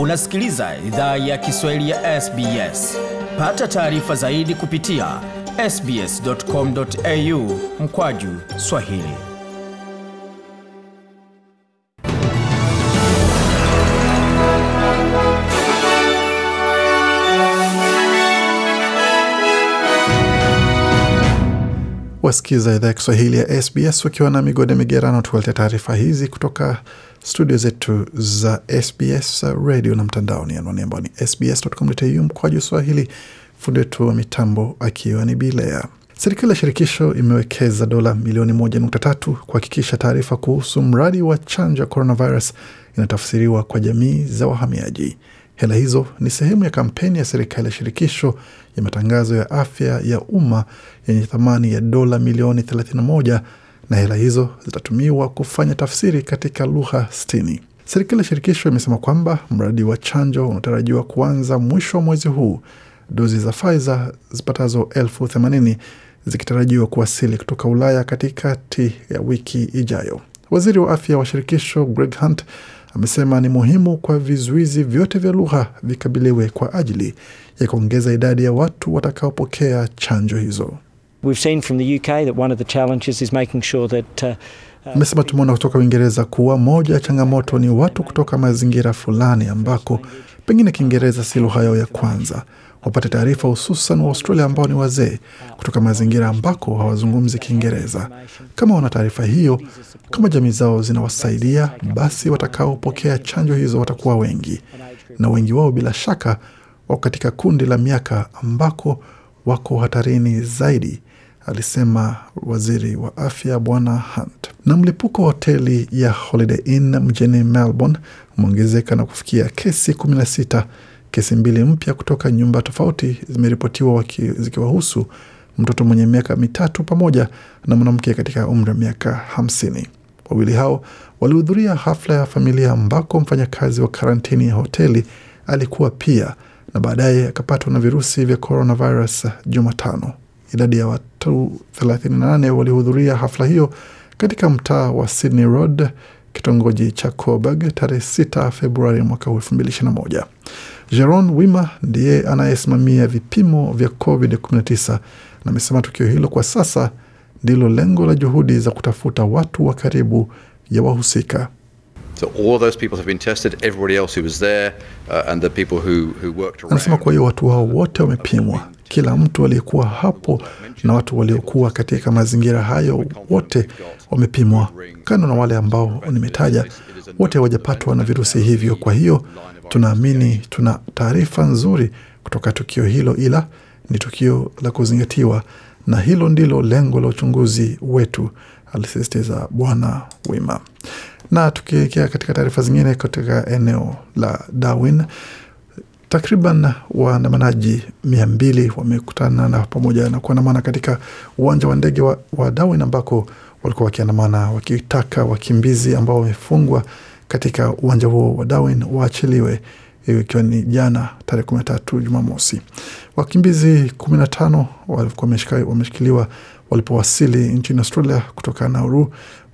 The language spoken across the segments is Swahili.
Unasikiliza idhaa ya Kiswahili ya SBS. Pata taarifa zaidi kupitia sbs.com.au mkwaju Swahili. Wasikiza idhaa ya Kiswahili ya SBS wakiwa na migode migerano, tukuletea taarifa hizi kutoka studio zetu za SBS radio na mtandaoni, anwani ambao ni sbs.com.au mkwaju Swahili. Fundi wetu wa mitambo akiwa ni Bilea. Serikali ya shirikisho imewekeza dola milioni moja nukta tatu kuhakikisha taarifa kuhusu mradi wa chanjo ya coronavirus inatafsiriwa kwa jamii za wahamiaji. Hela hizo ni sehemu ya kampeni ya serikali ya shirikisho ya matangazo ya afya ya umma yenye thamani ya dola milioni 31 na hela hizo zitatumiwa kufanya tafsiri katika lugha 60 Serikali ya shirikisho imesema kwamba mradi wa chanjo unatarajiwa kuanza mwisho wa mwezi huu, dozi za Pfizer zipatazo elfu themanini zikitarajiwa kuwasili kutoka Ulaya katikati ya wiki ijayo. Waziri wa afya wa shirikisho Greg Hunt amesema ni muhimu kwa vizuizi vyote vya lugha vikabiliwe kwa ajili ya kuongeza idadi ya watu watakaopokea chanjo hizo. We've seen from the UK that one of the challenges is making sure that uh, Amesema uh, tumeona kutoka Uingereza kuwa moja ya changamoto ni watu kutoka mazingira fulani ambako pengine Kiingereza si lugha yao ya kwanza wapate taarifa, hususan wa Australia ambao ni wazee kutoka mazingira ambako hawazungumzi Kiingereza. Kama wana taarifa hiyo, kama jamii zao zinawasaidia, basi watakaopokea chanjo hizo watakuwa wengi, na wengi wao bila shaka wako katika kundi la miaka ambako wako hatarini zaidi alisema waziri wa afya Bwana Hunt. Na mlipuko wa hoteli ya Holiday Inn mjini Melbourne umeongezeka na kufikia kesi 16. Kesi mbili mpya kutoka nyumba tofauti zimeripotiwa zikiwahusu mtoto mwenye miaka mitatu pamoja na mwanamke katika umri wa miaka hamsini. Wawili hao walihudhuria hafla ya familia ambako mfanyakazi wa karantini ya hoteli alikuwa pia, na baadaye akapatwa na virusi vya coronavirus Jumatano. Idadi ya watu 38 walihudhuria hafla hiyo katika mtaa wa Sydney Road, kitongoji cha Coburg, tarehe 6 Februari mwaka 2021. Jeron Wima ndiye anayesimamia vipimo vya COVID-19 na amesema tukio hilo kwa sasa ndilo lengo la juhudi za kutafuta watu wa karibu ya wahusika. Uh, Anasema kwa hiyo watu hao wote wamepimwa kila mtu aliyekuwa hapo na watu waliokuwa katika mazingira hayo wote wamepimwa, kando na wale ambao nimetaja, wote hawajapatwa na virusi hivyo. Kwa hiyo tunaamini tuna taarifa nzuri kutoka tukio hilo, ila ni tukio la kuzingatiwa, na hilo ndilo lengo la uchunguzi wetu, alisisitiza Bwana Wima. Na tukielekea katika taarifa zingine, katika eneo la Darwin Takriban waandamanaji mia mbili wamekutana na pamoja na kuandamana katika uwanja wa ndege wa Darwin ambako walikuwa wakiandamana wakitaka wakimbizi ambao wamefungwa katika uwanja huo wa Darwin waachiliwe, ikiwa ni jana tarehe kumi na tatu Jumamosi. Wakimbizi kumi na tano walikuwa wameshikiliwa walipowasili nchini Australia kutoka Nauru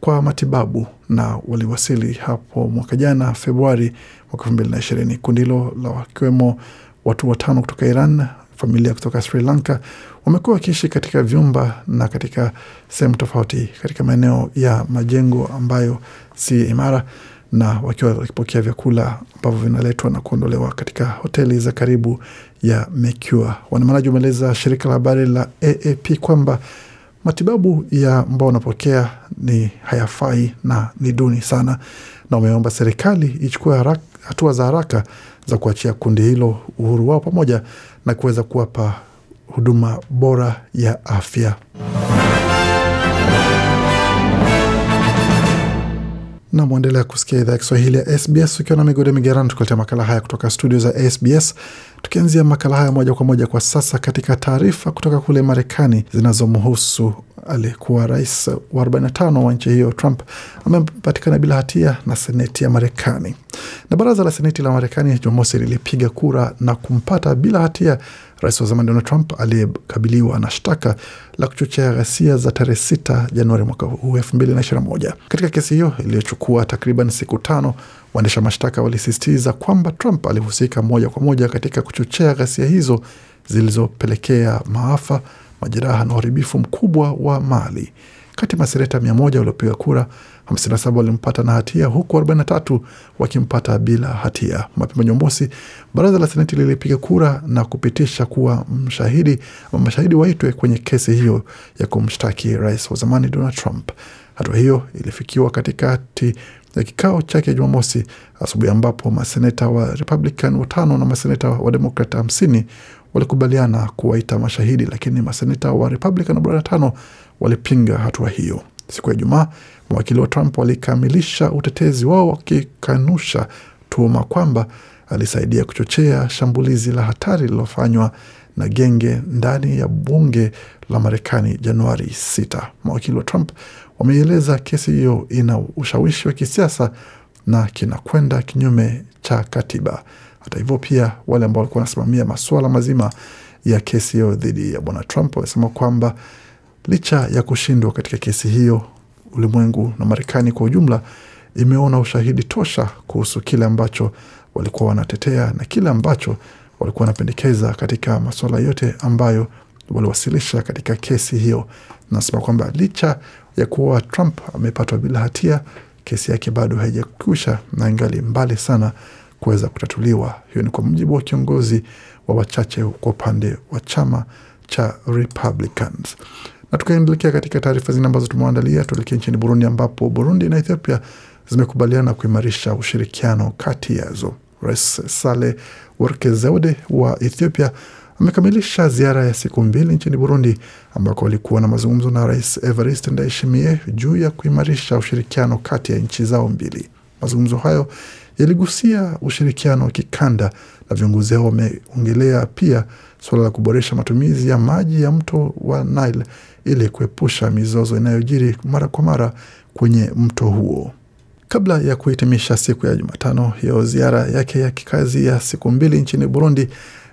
kwa matibabu na waliwasili hapo mwaka jana Februari mwaka elfu mbili na ishirini. Kundi hilo la wakiwemo watu watano kutoka Iran, familia kutoka Sri Lanka wamekuwa wakiishi katika vyumba na katika sehemu tofauti katika maeneo ya majengo ambayo si imara na wakiwa wakipokea vyakula ambavyo vinaletwa na kuondolewa katika hoteli za karibu ya Mekua. Waandamanaji wameeleza shirika la habari la AAP kwamba matibabu ya ambao wanapokea ni hayafai na ni duni sana, na wameomba serikali ichukue hatua za haraka za kuachia kundi hilo uhuru wao pamoja na kuweza kuwapa huduma bora ya afya. na mwendelea kusikia idhaa ya Kiswahili ya SBS ukiwa na migode migerano, tukuletea makala haya kutoka studio za SBS Tukianzia makala haya moja kwa moja kwa sasa katika taarifa kutoka kule Marekani zinazomhusu aliyekuwa rais wa 45 wa nchi hiyo Trump amepatikana bila hatia na Seneti ya Marekani. Na baraza la Seneti la Marekani Jumamosi lilipiga kura na kumpata bila hatia Rais wa zamani Donald Trump aliyekabiliwa na shtaka la kuchochea ghasia za tarehe 6 Januari mwaka huu moja. Katika kesi hiyo iliyochukua takriban siku tano, waendesha mashtaka walisisitiza kwamba Trump alihusika moja kwa moja katika kuchochea ghasia hizo zilizopelekea maafa, majeraha na uharibifu mkubwa wa mali. Kati ya masereta mia moja waliopiga kura 57 walimpata na hatia huku 43 wakimpata bila hatia. Mapema Jumamosi, baraza la Seneti lilipiga kura na kupitisha kuwa mshahidi mashahidi waitwe kwenye kesi hiyo ya kumshtaki rais wa zamani Donald Trump. Hatua hiyo ilifikiwa katikati ya kikao chake Jumamosi asubuhi ambapo maseneta wa Republican watano na maseneta wa Demokrat hamsini walikubaliana kuwaita mashahidi, lakini maseneta wa Republican arobaini na tano walipinga hatua hiyo. Siku ya Ijumaa, mawakili wa Trump walikamilisha utetezi wao wakikanusha tuhuma kwamba alisaidia kuchochea shambulizi la hatari lililofanywa na genge ndani ya bunge la Marekani Januari 6. Mawakili wa Trump wameeleza kesi hiyo ina ushawishi wa kisiasa na kinakwenda kinyume cha katiba. Hata hivyo, pia wale ambao walikuwa wanasimamia masuala mazima ya kesi hiyo dhidi ya bwana Trump wamesema kwamba Licha ya kushindwa katika kesi hiyo, ulimwengu na Marekani kwa ujumla imeona ushahidi tosha kuhusu kile ambacho walikuwa wanatetea na kile ambacho walikuwa wanapendekeza katika masuala yote ambayo waliwasilisha katika kesi hiyo. Nasema kwamba licha ya kuwa Trump amepatwa bila hatia, kesi yake bado haijakwisha na ingali mbali sana kuweza kutatuliwa. Hiyo ni kwa mujibu wa kiongozi wa wachache kwa upande wa chama cha Republicans. Na tukaendelekea katika taarifa zingine ambazo tumeandalia, tuelekea nchini Burundi ambapo Burundi na Ethiopia zimekubaliana kuimarisha ushirikiano kati yazo. Rais Sale Workezeude wa Ethiopia amekamilisha ziara ya siku mbili nchini Burundi ambako alikuwa na mazungumzo na Rais Evariste Ndayishimiye juu ya kuimarisha ushirikiano kati ya nchi zao mbili. Mazungumzo hayo yaligusia ushirikiano wa kikanda na viongozi hao wameongelea pia suala la kuboresha matumizi ya maji ya mto wa Nile ili kuepusha mizozo inayojiri mara kwa mara kwenye mto huo. Kabla ya kuhitimisha siku ya Jumatano hiyo ziara yake ya kikazi ya siku mbili nchini Burundi,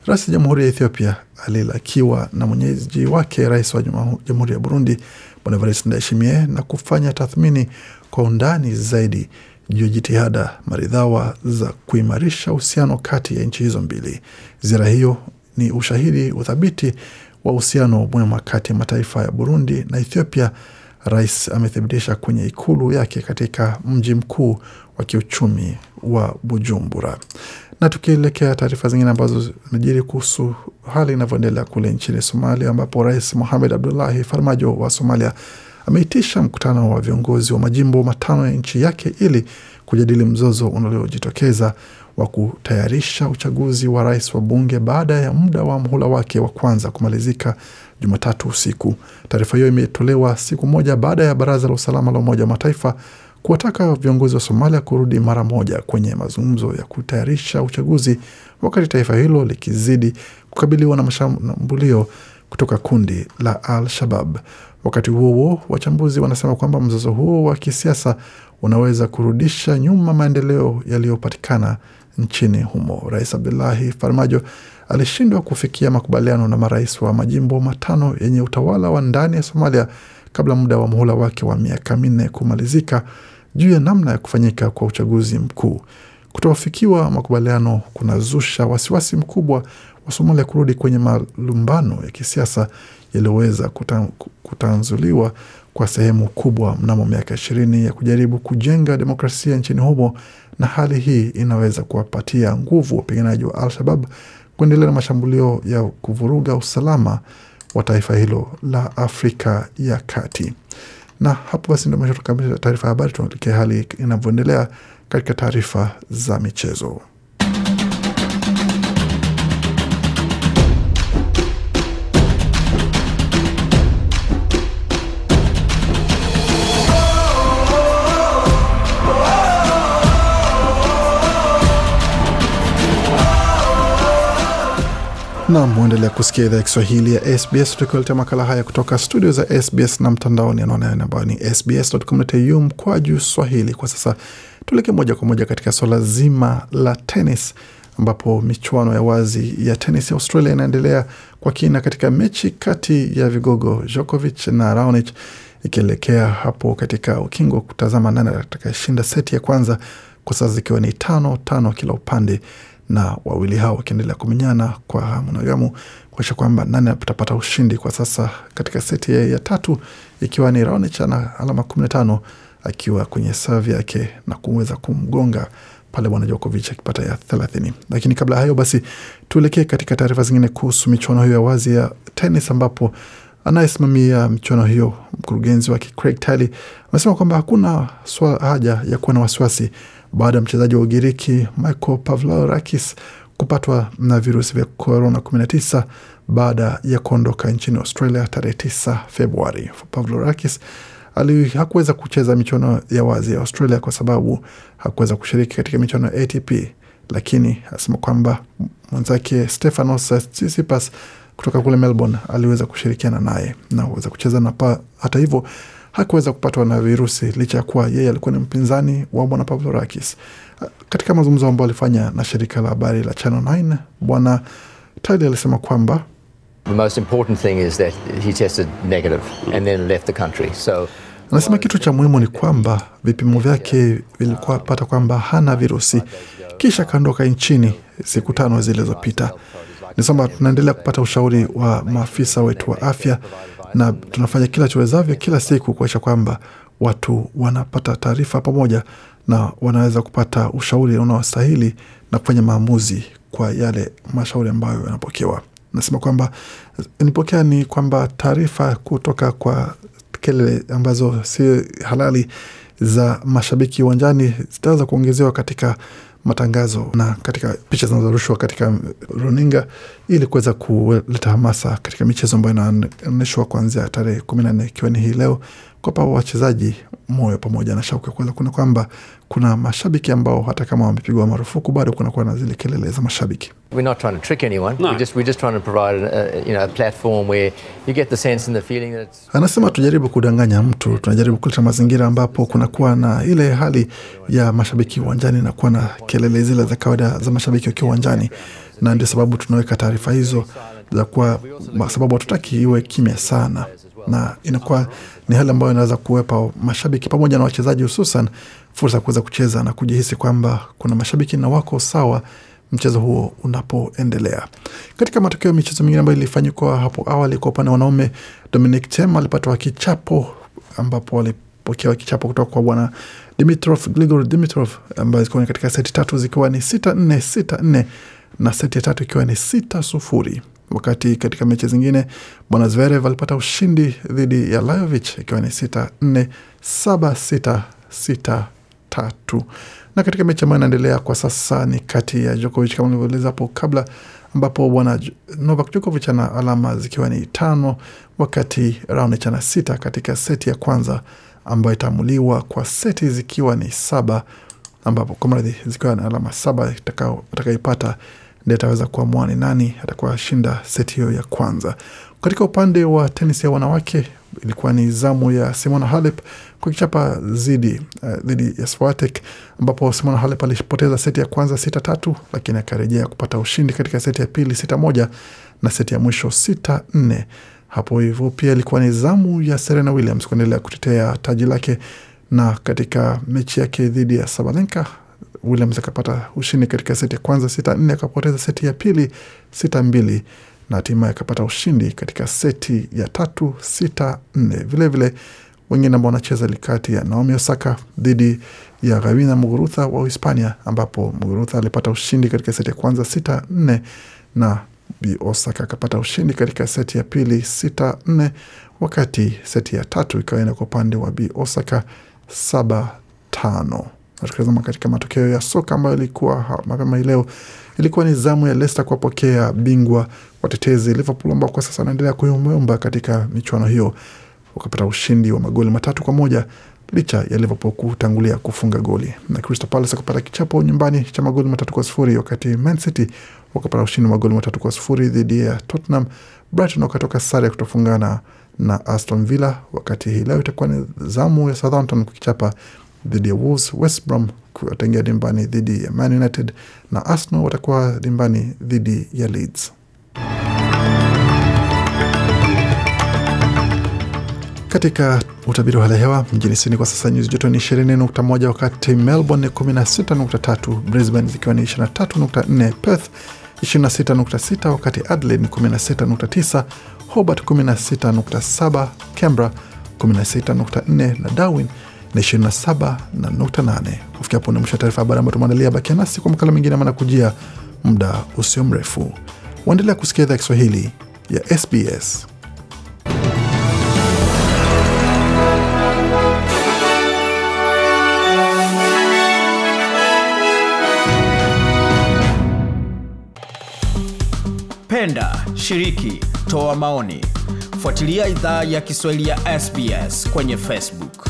rais wa jamhuri ya Ethiopia alilakiwa na mwenyeji wake rais wa jamhuri ya Burundi Bwana Evariste Ndayishimiye na kufanya tathmini kwa undani zaidi juu jitihada maridhawa za kuimarisha uhusiano kati ya nchi hizo mbili. Ziara hiyo ni ushahidi uthabiti wa uhusiano mwema kati ya mataifa ya Burundi na Ethiopia, rais amethibitisha kwenye ikulu yake katika mji mkuu wa kiuchumi wa Bujumbura. Na tukielekea taarifa zingine ambazo zimejiri kuhusu hali inavyoendelea kule nchini Somalia, ambapo rais Mohamed Abdullahi Farmajo wa Somalia ameitisha mkutano wa viongozi wa majimbo matano ya nchi yake ili kujadili mzozo unaliojitokeza wa kutayarisha uchaguzi wa rais wa bunge baada ya muda wa mhula wake wa kwanza kumalizika Jumatatu usiku. Taarifa hiyo imetolewa siku moja baada ya baraza la usalama la Umoja wa Mataifa kuwataka viongozi wa Somalia kurudi mara moja kwenye mazungumzo ya kutayarisha uchaguzi, wakati taifa hilo likizidi kukabiliwa na mashambulio kutoka kundi la Al-Shabab. Wakati huo huo, wachambuzi wanasema kwamba mzozo huo wa kisiasa unaweza kurudisha nyuma maendeleo yaliyopatikana nchini humo. Rais Abdullahi Farmajo alishindwa kufikia makubaliano na marais wa majimbo matano yenye utawala wa ndani ya Somalia kabla muda wa muhula wake wa miaka minne kumalizika juu ya namna ya kufanyika kwa uchaguzi mkuu. Kutofikiwa makubaliano kunazusha wasiwasi mkubwa Somalia kurudi kwenye malumbano ya kisiasa yaliyoweza kuta, kutanzuliwa kwa sehemu kubwa mnamo miaka ishirini ya kujaribu kujenga demokrasia nchini humo, na hali hii inaweza kuwapatia nguvu wapiganaji wa Al-Shabab kuendelea na mashambulio ya kuvuruga usalama wa taifa hilo la Afrika ya Kati. Na hapo basi ndio mwisho tukamilisha taarifa ya habari. Tuelekee hali inavyoendelea katika taarifa za michezo. na muendelea kusikia idhaa ya Kiswahili ya SBS tukiwaletea makala haya kutoka studio za SBS na mtandaoni anaonani ambayo ni sbs.com.au mkwaju swahili. Kwa sasa tuelekee moja kwa moja katika swala zima la tenis, ambapo michuano ya wazi ya tenis ya Australia inaendelea kwa kina katika mechi kati ya vigogo Djokovic na Raonic ikielekea hapo katika ukingo kutazama nani atakayeshinda seti ya kwanza, kwa sasa zikiwa ni tano tano kila upande na wawili hao wakiendelea kumenyana kwa hamu na gamu kuakisha kwamba nani atapata ushindi kwa sasa katika seti ya tatu, ikiwa ni Raonic na alama tano akiwa kwenye savi yake na kuweza kumgonga pale bwana Djokovic akipata ya thelathini. Lakini kabla hayo basi, tuelekee katika taarifa zingine kuhusu michuano hiyo ya wazi ya tenis, ambapo anayesimamia michuano hiyo mkurugenzi wake Craig Tiley amesema kwamba hakuna haja ya kuwa na wasiwasi baada ya mchezaji wa Ugiriki Michael Pavlarakis kupatwa na virusi vya korona 19 baada ya kuondoka nchini Australia tarehe 9 Februari. Pavlorakis hakuweza kucheza michuano ya wazi ya Australia kwa sababu hakuweza kushiriki katika michuano ya ATP, lakini asema kwamba mwenzake Stefanos Tsitsipas kutoka kule Melbourne aliweza kushirikiana naye na uweza kucheza na pa. Hata hivyo hakuweza kupatwa na virusi licha ya kuwa yeye alikuwa ni mpinzani wa bwana Pavlorakis. Katika mazungumzo ambayo alifanya na shirika la habari la Channel 9, bwana Tali alisema kwamba so, anasema kitu cha muhimu ni kwamba vipimo vyake vilikuwa pata kwamba hana virusi, kisha akaondoka nchini siku tano zilizopita. Nisema tunaendelea kupata ushauri wa maafisa wetu wa afya na tunafanya kila chowezavyo kila siku kuakisha kwamba watu wanapata taarifa pamoja na wanaweza kupata ushauri unaostahili na kufanya maamuzi kwa yale mashauri ambayo yanapokewa. Nasema kwamba nipokea ni kwamba taarifa kutoka kwa kelele ambazo si halali za mashabiki uwanjani zitaweza kuongezewa katika matangazo na katika picha zinazorushwa katika runinga ili kuweza kuleta hamasa katika michezo ambayo inaonyeshwa kuanzia tarehe kumi na nne ikiwa ni hii leo kuwapa wachezaji moyo pamoja na shauku ya kuweza kuna kwamba kuna mashabiki ambao hata kama wamepigwa marufuku bado kunakuwa na zile kelele za mashabiki. Anasema tujaribu kudanganya mtu, tunajaribu kuleta mazingira ambapo kunakuwa na ile hali ya mashabiki uwanjani na kuwa na kelele zile za kawaida za mashabiki wakiwa uwanjani, na ndio sababu tunaweka taarifa hizo za kuwa, sababu hatutaki iwe kimya sana na inakuwa ni hali ambayo inaweza kuwepa mashabiki pamoja na wachezaji hususan fursa ya kuweza kucheza na kujihisi kwamba kuna mashabiki na wako sawa mchezo huo unapoendelea. Katika matokeo ya michezo mingine ambayo ilifanyikwa hapo awali, kwa upande wa wanaume, Dominic Thiem alipata kichapo ambapo alipokea kichapo kutoka kwa bwana Dimitrov Grigor Dimitrov ambayo zilikuwa katika seti tatu zikiwa ni sita nne sita nne na seti ya tatu ikiwa ni sita sufuri. Wakati katika mechi zingine bwana Zverev alipata ushindi dhidi ya Lajovic ikiwa ni sita nne saba sita sita tatu. Na katika mechi ambayo inaendelea kwa sasa ni kati ya Djokovic kama nilivyoeleza hapo kabla, ambapo bwana Novak Djokovic ana alama zikiwa ni tano, wakati Raonic ana sita katika seti ya kwanza ambayo itaamuliwa kwa seti zikiwa ni saba, ambapo kwa mradhi zikiwa na alama saba atakayoipata ndiye ataweza kuamua ni nani atakuwa shinda seti hiyo ya kwanza. Katika upande wa tenis ya wanawake ilikuwa ni zamu ya Simona Halep kwa kichapa zidi uh, eh, dhidi ya Swiatek ambapo Simona Halep alipoteza seti ya kwanza sita tatu, lakini akarejea kupata ushindi katika seti ya pili sita moja na seti ya mwisho sita nne. Hapo hivyo pia ilikuwa ni zamu ya Serena Williams kuendelea kutetea taji lake, na katika mechi yake dhidi ya Sabalenka Williams akapata ushindi katika seti ya kwanza sita nne, akapoteza seti ya pili sita mbili na hatimaye akapata ushindi katika seti ya tatu sita nne. Vilevile wengine ambao wanacheza kati ya Naomi Osaka dhidi ya Gawina Muguruza wa Uhispania, ambapo Muguruza alipata ushindi katika seti ya kwanza sita nne na Bi Osaka akapata ushindi katika seti ya pili sita nne, wakati seti ya tatu ikawaenda kwa upande wa Bi Osaka saba tano. Tukitazama katika matokeo ya soka ambayo ilikuwa mapema leo, ilikuwa ni zamu ya Leicester kuwapokea bingwa watetezi Liverpool ambao kwa sasa anaendelea kuyumbayumba katika michuano hiyo, wakapata ushindi wa magoli matatu kwa moja licha ya Liverpool kutangulia kufunga goli na Crystal Palace kupata kichapo nyumbani cha magoli matatu kwa sufuri wakati Man City wakapata ushindi wa magoli matatu kwa sufuri dhidi ya Tottenham. Brighton wakatoka sare ya kutofungana na Aston Villa, wakati hii leo itakuwa ni zamu ya Southampton kukichapa dhidi ya Wolves, West Brom wataingia dimbani dhidi ya Man United na Arsenal watakuwa dimbani dhidi ya Leeds. Katika utabiri wa hali ya hewa mjini Sydney kwa sasa nyuzi joto ni 20.1, wakati Melbourne ni 16.3, Brisbane zikiwa ni 23.4, Perth 26.6, wakati Adelaide ni 16.9, Hobart 16.7, Canberra 16.4 na Darwin na 27.8. Kufikia hapo ni mwisho wa taarifa habari ambayo tumeandalia. Bakia nasi kwa makala mengine kujia muda usio mrefu. Waendelea kusikia idhaa Kiswahili ya SBS. Penda, shiriki, toa maoni. Fuatilia idhaa ya Kiswahili ya SBS kwenye Facebook.